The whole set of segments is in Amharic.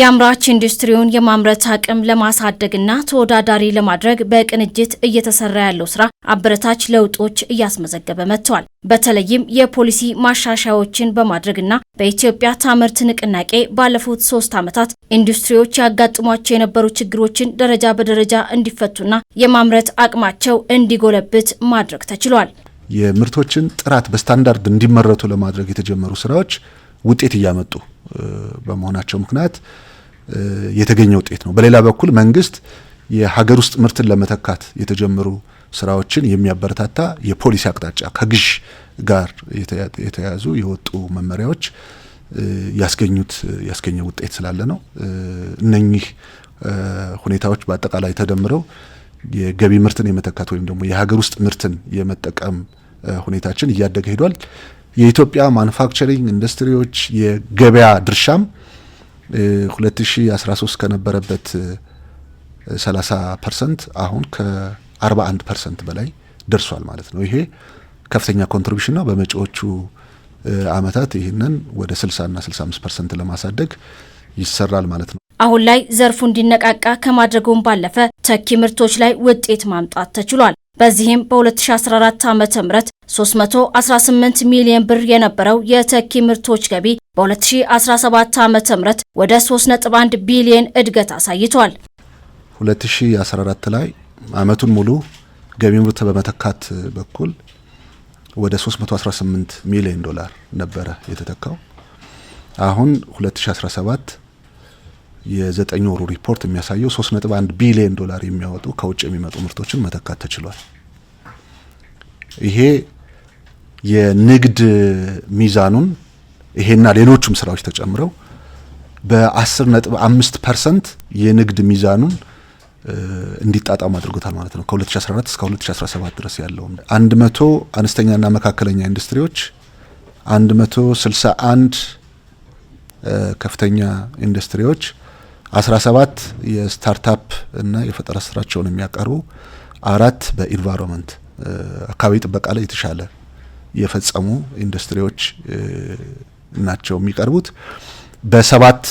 የአምራች ኢንዱስትሪውን የማምረት አቅም ለማሳደግና ተወዳዳሪ ለማድረግ በቅንጅት እየተሰራ ያለው ስራ አበረታች ለውጦች እያስመዘገበ መጥቷል። በተለይም የፖሊሲ ማሻሻያዎችን በማድረግና በኢትዮጵያ ታምርት ንቅናቄ ባለፉት ሶስት ዓመታት ኢንዱስትሪዎች ያጋጥሟቸው የነበሩ ችግሮችን ደረጃ በደረጃ እንዲፈቱና የማምረት አቅማቸው እንዲጎለብት ማድረግ ተችሏል። የምርቶችን ጥራት በስታንዳርድ እንዲመረቱ ለማድረግ የተጀመሩ ስራዎች ውጤት እያመጡ በመሆናቸው ምክንያት የተገኘ ውጤት ነው። በሌላ በኩል መንግስት የሀገር ውስጥ ምርትን ለመተካት የተጀመሩ ስራዎችን የሚያበረታታ የፖሊሲ አቅጣጫ ከግዥ ጋር የተያዙ የወጡ መመሪያዎች ያስገኙት ያስገኘ ውጤት ስላለ ነው። እነኚህ ሁኔታዎች በአጠቃላይ ተደምረው የገቢ ምርትን የመተካት ወይም ደግሞ የሀገር ውስጥ ምርትን የመጠቀም ሁኔታችን እያደገ ሄዷል። የኢትዮጵያ ማኑፋክቸሪንግ ኢንዱስትሪዎች የገበያ ድርሻም 2013 ከነበረበት 30 ፐርሰንት አሁን ከ41 ፐርሰንት በላይ ደርሷል ማለት ነው። ይሄ ከፍተኛ ኮንትሪቢሽን ነው። በመጪዎቹ አመታት ይህንን ወደ 60 እና 65 ፐርሰንት ለማሳደግ ይሰራል ማለት ነው። አሁን ላይ ዘርፉ እንዲነቃቃ ከማድረጉም ባለፈ ተኪ ምርቶች ላይ ውጤት ማምጣት ተችሏል። በዚህም በ2014 ዓ ም 318 ሚሊዮን ብር የነበረው የተኪ ምርቶች ገቢ በ2017 ዓ ም ወደ 3.1 ቢሊዮን እድገት አሳይቷል። 2014 ላይ አመቱን ሙሉ ገቢ ምርት በመተካት በኩል ወደ 318 ሚሊዮን ዶላር ነበረ የተተካው። አሁን 2017 የዘጠኝ ወሩ ሪፖርት የሚያሳየው አንድ ቢሊዮን ዶላር የሚያወጡ ከውጭ የሚመጡ ምርቶችን መተካት ተችሏል። ይሄ የንግድ ሚዛኑን ይሄና ሌሎችም ስራዎች ተጨምረው በ10.5 ፐርሰንት የንግድ ሚዛኑን እንዲጣጣም አድርጎታል ማለት ነው። ከ2014 እስከ 2017 ድረስ ያለውን 100 አነስተኛና መካከለኛ ኢንዱስትሪዎች 161 ከፍተኛ ኢንዱስትሪዎች 17 የስታርታፕ እና የፈጠራ ስራቸውን የሚያቀርቡ አራት በኢንቫይሮንመንት አካባቢ ጥበቃ ላይ የተሻለ የፈጸሙ ኢንዱስትሪዎች ናቸው የሚቀርቡት። በሰባት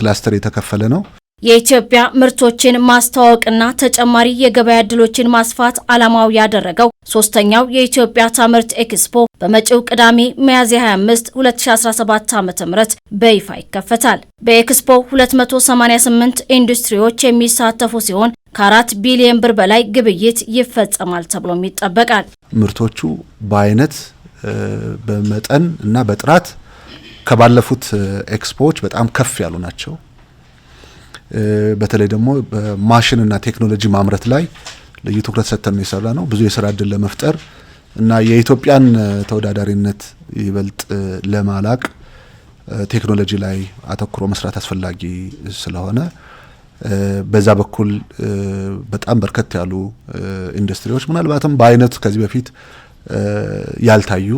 ክላስተር የተከፈለ ነው። የኢትዮጵያ ምርቶችን ማስተዋወቅና ተጨማሪ የገበያ እድሎችን ማስፋት ዓላማው ያደረገው ሶስተኛው የኢትዮጵያ ታምርት ኤክስፖ በመጪው ቅዳሜ ሚያዝያ 25 2017 ዓ.ም በይፋ ይከፈታል። በኤክስፖ 288 ኢንዱስትሪዎች የሚሳተፉ ሲሆን ከአራት ቢሊዮን ብር በላይ ግብይት ይፈጸማል ተብሎም ይጠበቃል። ምርቶቹ በአይነት በመጠን እና በጥራት ከባለፉት ኤክስፖዎች በጣም ከፍ ያሉ ናቸው። በተለይ ደግሞ በማሽንና ቴክኖሎጂ ማምረት ላይ ልዩ ትኩረት ሰጥተን ነው የሰራ ነው። ብዙ የስራ እድል ለመፍጠር እና የኢትዮጵያን ተወዳዳሪነት ይበልጥ ለማላቅ ቴክኖሎጂ ላይ አተኩሮ መስራት አስፈላጊ ስለሆነ በዛ በኩል በጣም በርከት ያሉ ኢንዱስትሪዎች ምናልባትም በአይነት ከዚህ በፊት ያልታዩ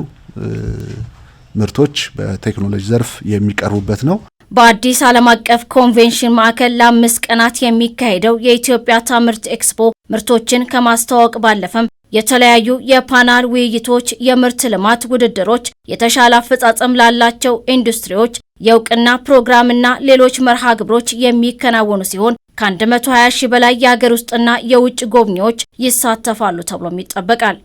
ምርቶች በቴክኖሎጂ ዘርፍ የሚቀርቡበት ነው። በአዲስ ዓለም አቀፍ ኮንቬንሽን ማዕከል ለአምስት ቀናት የሚካሄደው የኢትዮጵያ ታምርት ኤክስፖ ምርቶችን ከማስተዋወቅ ባለፈም የተለያዩ የፓናል ውይይቶች፣ የምርት ልማት ውድድሮች፣ የተሻለ አፈጻጸም ላላቸው ኢንዱስትሪዎች የእውቅና ፕሮግራምና ሌሎች መርሃ ግብሮች የሚከናወኑ ሲሆን ከ120 ሺህ በላይ የሀገር ውስጥና የውጭ ጎብኚዎች ይሳተፋሉ ተብሎም ይጠበቃል።